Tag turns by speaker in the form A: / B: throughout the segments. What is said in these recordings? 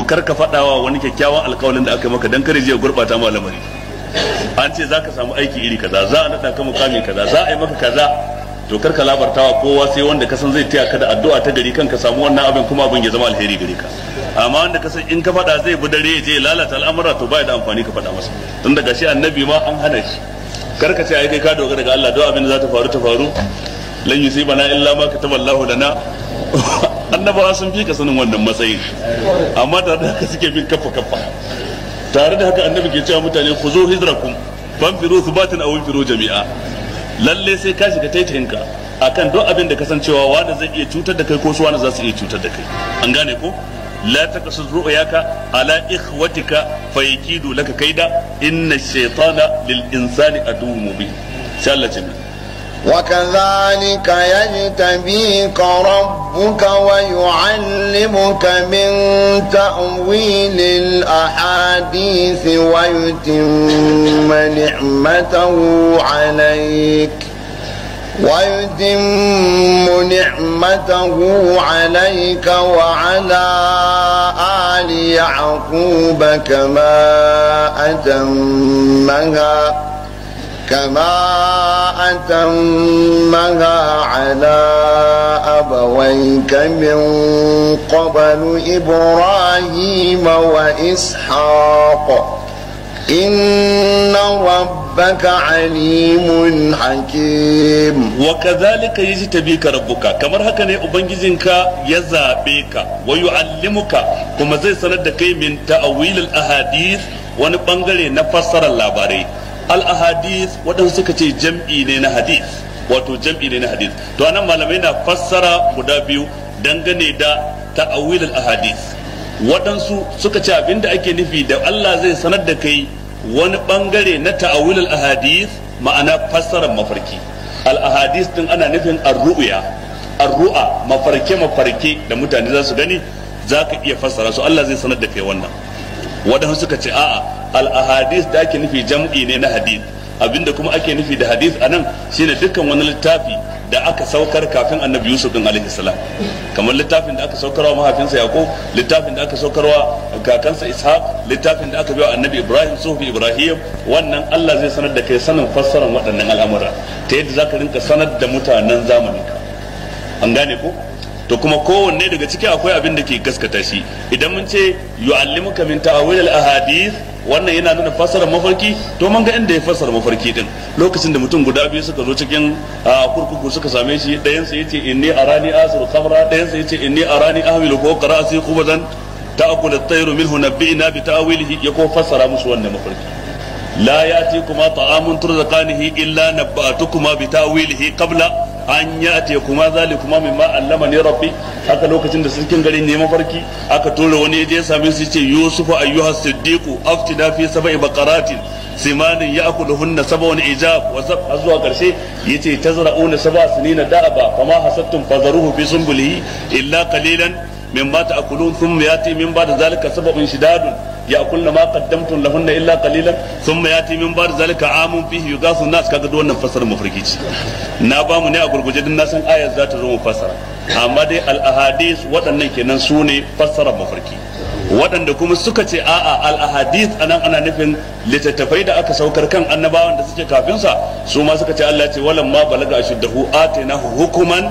A: kar ka faɗawa wani kyakkyawan alkawalin da aka maka dan kare je gurɓata ma lamari an ce zaka samu aiki iri kaza za a nada ka mukami kaza za a yi maka kaza to kar ka labartawa kowa sai wanda ka san zai taya ka da addu'a ta gari kan ka samu wannan abin kuma abin ya zama alheri gare ka amma wanda ka san in ka faɗa zai bi dare je lalata al'amura to baya da amfani ka faɗa masa tun daga shi annabi ma an hana shi kar ka ce ai kai ka dogara daga Allah don abin da za ta faru ta faru lan bana illa ma da na. annabawa sun fi ka sanin wannan matsayin amma tare da haka suke bin kafa kafa tare da haka annabi ke cewa mutane ku zo hijrakum fanfiru thubatin aw firu jami'a lalle sai ka shiga taitayinka akan duk abin da kasancewa wanda zai iya cutar da kai ko su wanda za su iya cutar da kai an gane ko لا تقصد رؤياك على إخوتك فيكيدوا لك كيدا إن الشيطان للإنسان عدو مبين. إن شاء الله جميل. وكذلك يجتبيك ربك ويعلمك من تأويل الأحاديث ويتم نعمته عليك ويتم نعمته عليك وعلى آل يعقوب كما أتمها كما أتمها على أبويك من قبل إبراهيم وإسحاق إن ربك عليم حكيم وكذلك يجتبيك ربك كما هكذا أبنجزنك يزابيك ويعلمك كما زي سندك من تأويل الأحاديث wani bangare na fassarar labarai al ahadith waɗansu suka ce jam'i ne na hadith wato jam'i ne na hadith to anan malamai na fassara guda biyu dangane da ta'awil al ahadith waɗansu suka ce abinda ake nufi da Allah zai sanar da kai wani bangare na ta'awil al ahadith ma'ana fassara mafarki al ahadith din ana nufin ar-ru'ya ar-ru'a mafarke mafarke da mutane za su gani za ka iya fassara su Allah zai sanar da kai wannan waɗansu suka ce a'a al ahadis da ake nufi jam'i ne na hadith abinda kuma ake nufi da hadith anan shine dukkan wani littafi da aka saukar kafin annabi yusuf din alaihi salam kamar littafin da aka saukarwa mahaifinsa yaqub littafin da aka saukarwa kakansa ishaq littafin da aka biya annabi ibrahim sufi ibrahim wannan allah zai sanar da kai sanin fassarar waɗannan al'amura ta yadda zaka rinka sanar da mutanen zamaninka an gane ko to kuma kowanne daga ciki akwai abin da ke gaskata shi idan mun ce yu'allimuka min ta'awil al-ahadith wannan yana nuna fassarar mafarki to mun ga inda ya fassara mafarki din lokacin da mutum guda biyu suka zo cikin kurkuku suka same shi ɗayan sa yace inni arani asiru khamra ɗayan sa yace inni arani ahmilu ko qara'asi qubzan ta'kul at-tayru minhu nabbi'na bi ta'wilihi ya ko fassara musu wannan mafarki la ya'tikuma ta'amun turzaqanihi illa nabba'tukuma bi ta'wilihi qabla an ya ce kuma zali kuma min ma ne rabbi haka lokacin da sarkin garin ne mafarki aka tura wani ya je same su ce yusufu ayyuha siddiqu aftida fi sab'i baqaratin simanin ya'kuluhunna sab'un ijab wa sab azwa karshe yace tazra'una sab'a sinina da'aba fama hasattum fazaruhu fi sunbulihi illa qalilan mimma ta'kulun thumma yati min ba'da zalika sab'un shidadun ma يأكلن illa qalilan thumma yati min ba'd zalika amun fihi ذلك nas kaga يغاث wannan كذا mafarkici Na ba mu ne a gurguje din san ayat za ta zo mu fassara amma dai al-ahadis waɗannan kenan su ne fassara mafarki waɗanda kuma suka ce a'a al-ahadis anan ana nufin littattafai da aka saukar kan annabawan da suke kafin sa su ma suka ce Allah ce walam ma balaga ashuddahu atainahu hukuman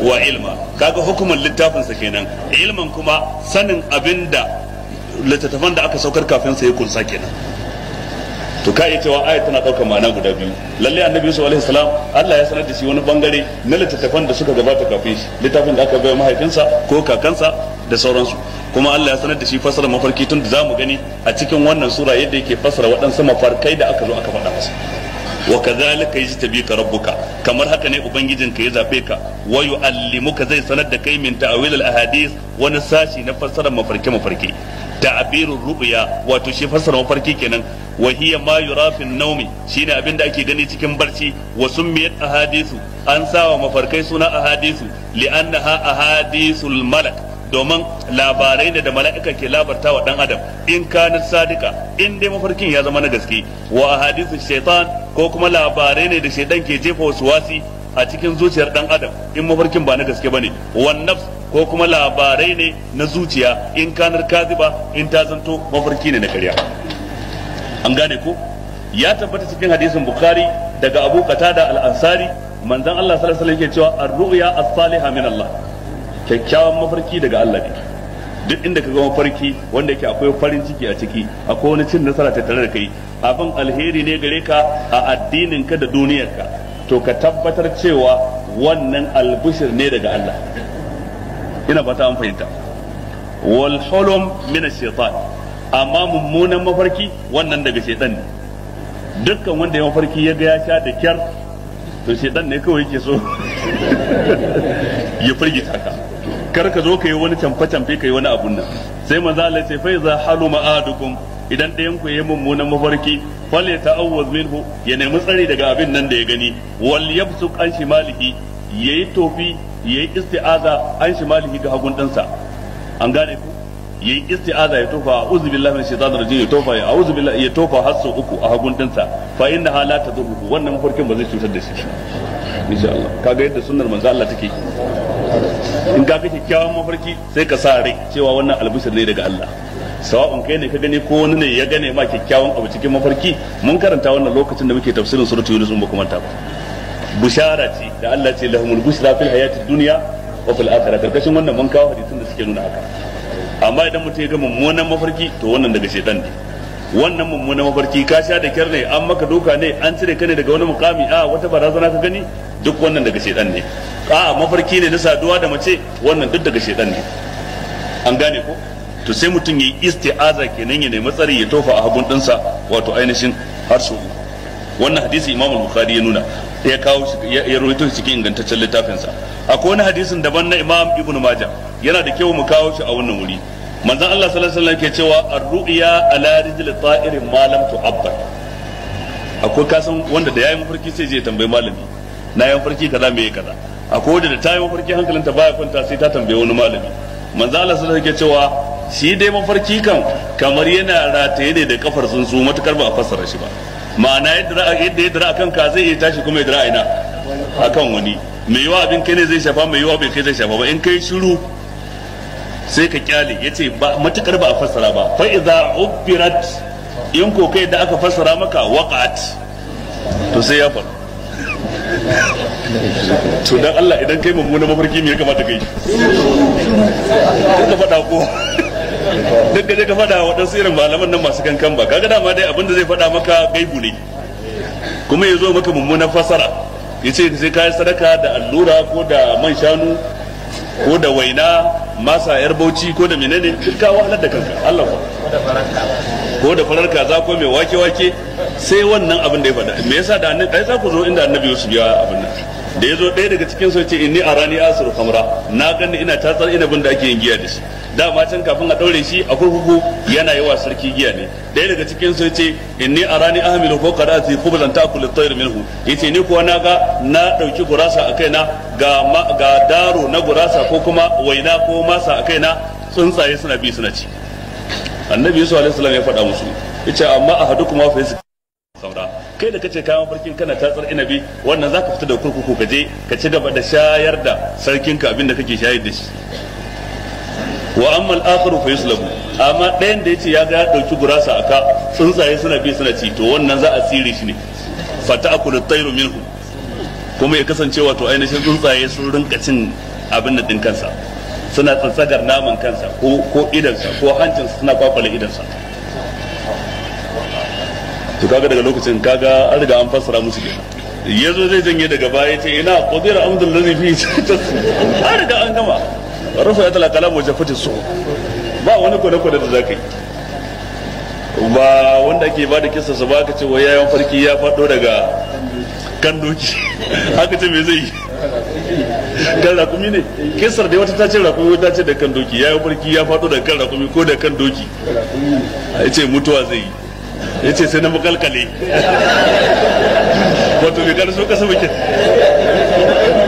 A: wa ilma kaga hukuman littafin sa kenan ilman kuma sanin abinda littattafan da aka saukar kafin sa ya kunsa kenan to ka iya cewa ayat tana daukar ma'ana guda biyu lalle annabi yusuf alaihi salam Allah ya sanar da shi wani bangare na littattafan da suka gabata kafin shi littafin da aka bai mahaifinsa ko kakansa da sauransu kuma Allah ya sanar da shi fasara mafarki tun da zamu gani a cikin wannan sura yadda yake fasara waɗansu mafarkai da aka zo aka faɗa masa wa kadhalika yajtabika rabbuka kamar haka ne ka ya zabe ka wa yu'allimuka zai sanar da kai min ta'wil al ahadith wani sashi na fasara mafarki mafarki ta'abirur ru'ya wato shi fassara mafarki kenan wa hiya ma yura shine abin da ake gani cikin barci wa summiyat ahadisu an sawa mafarkai suna ahadisu li'annaha ahadisul malak domin labarai da da mala'ika ke labarta wa dan adam in kanar sadika in dai mafarkin ya zama na gaske wa ahadisu shaitan ko kuma labarai ne da shaitan ke jefa wasu wasi a cikin zuciyar dan adam in mafarkin ba na gaske bane wan nafs ko kuma labarai ne na zuciya in kanar kaziba in ta zanto mafarki ne na karya an gane ko ya tabbata cikin hadisin bukhari daga abu qatada al-ansari manzon Allah sallallahu alaihi wasallam yake cewa ar-ru'ya as-salihah min Allah kyakkyawan mafarki daga Allah ne duk inda ka ga mafarki wanda yake akwai farin ciki a ciki akwai wani cin nasara tattare da kai abin alheri ne gare ka a addinin ka da duniyarka to ka tabbatar cewa wannan albushir ne daga Allah ina fata an fahimta wal hulum min ash-shaytan amma mummunan mafarki wannan daga shaytan ne dukkan wanda ya mafarki ya ga ya sha da kyar to shaytan ne kawai yake so ya furgi kar ka zo ka wani canfa camfe ka yi wani abun nan sai maza Allah ce fa iza halu ma'adukum idan ɗayan ku yayi mummunan mafarki fal ya ta'awwaz minhu ya nemi tsari daga abin nan da ya gani wal yabsu an shimalihi yayi tofi yayi isti'aza an shimalihi ga hagun ɗansa an gane ku yayi isti'aza ya tofa a'udhu billahi minash shaitanir rajim ya tofa ya a'udhu billahi ya tofa har sau uku a hagun ɗansa fa innaha la tadurruhu wannan mafarkin ba zai cutar da shi insha Allah kaga yadda sunnar manzo Allah take in ka kake kyawun mafarki sai ka sa rai cewa wannan albishir ne daga Allah sawa'un kai ne ka gani ko wani ne ya gane ma kyakkyawan abu cikin mafarki mun karanta wannan lokacin da muke tafsirin suratul yunus mun ba kuma ta ba bushara ce da Allah ce lahumul bushra fil hayatid dunya wa fil akhirah karkashin wannan mun kawo hadisin da suke nuna haka amma idan mutum ya ga mummunan mafarki to wannan daga shedan ne wannan mummunan mafarki ka sha da kyar ne an maka doka ne an cire ka ne daga wani mukami a wata barazana ka gani duk wannan daga shedan ne a mafarki ne na saduwa da mace wannan duk daga shedan ne an gane ko to sai mutum ya yi isti'aza kenan ya nemi tsari ya tofa a hagun dinsa wato ainihin har su wannan hadisi imam al-bukhari ya nuna ya kawo shi ya ruwaito shi cikin ingantaccen littafinsa akwai wani hadisin daban na imam ibn maja yana da kyau mu kawo shi a wannan wuri manzon Allah sallallahu alaihi wasallam ke cewa ar-ru'ya ala rijli ta'irin ma lam tu'abbar akwai kasan wanda da yayi mafarki sai je tambayi malami na yi mafarki kaza me kaza akwai wanda da ta yi mafarki hankalinta baya kwanta sai ta tambaye wani malami manzon Allah sallallahu alaihi cewa shi dai mafarki kan kamar yana rataye ne da kafar su matukar ba a fassara shi ba ma'ana yadda ya dira akan kanka zai iya tashi kuma ya dira ina kan wani mai wa abin kai ne zai shafa mai wa bai kai zai shafa ba in kai shiru sai ka kyale ya ce matukar ba a fassara ba fa iza ubbirat in ko kai da aka fassara maka waqat to sai ya faru to dan Allah idan kai mummuna mafarki me ya kamata kai ka faɗa ko duk da ka faɗa waɗansu irin malaman nan masu kankan ba kaga dama dai abinda zai faɗa maka gaibu ne kuma ya zo maka mummunan fasara ya ce sai kayi sadaka da allura ko da man shanu ko da waina masa yar bauchi ko da menene duk ka wahalar da kanka Allah ko ko da farar za ko mai wake wake sai wannan abin da ya faɗa me yasa da annabi ai za ku zo inda annabi Yusuf ya abin nan da ya zo ɗaya daga cikin su ce inni a rani asiru kamra na gani ina tatsar bin da ake yin giya da shi dama can kafin a ɗaure shi a kurkuku yana yawa sarki giya ne ɗaya daga cikin su ce inni a rani ahamilu ko karati ta kula tayr minhu yace ni kuwa na ga na ɗauki gurasa a kaina ga ga daro na gurasa ko kuma waina ko masa a kaina tsuntsaye suna bi suna ci annabi yusuf alaihi salam ya faɗa musu yace amma ahadukum fa kai da kace kayan farkin kana tatsar inabi wannan zaka fita da kurkuku ka je ka ci gaba da shayar da sarkinka abinda kake shayar da shi wa amma al-akharu fa yuslabu amma ɗayan da yace ya ga ya dauki gurasa aka tsuntsaye suna bi suna ci to wannan za a tsire shi ne fa ta'kulu at-tayru minhu kuma ya kasance wato ainihin tsuntsaye sun rinka cin abin da din kansa suna tsantsagar naman kansa ko ko idansa ko hancinsa suna kwakwale idansa to kaga daga lokacin kaga an riga an fassara musu kenan yanzu zai janye daga baya ce ina qadir amdul ladhi fi an riga an gama rufa ya talaka lamu fati su ba wani kone kone da zakai ba wanda ake ba da kissa su ba ka ce wai yayan farki ya faɗo daga kan doki haka ce me zai yi kan rakumi ne kisar da wata ta ce rakumi wata ta ce da kan doki yayan farki ya faɗo daga kan rakumi ko da kan doki a ce mutuwa zai yi ya ce sai na makalkale wato bai karaso kasa bakin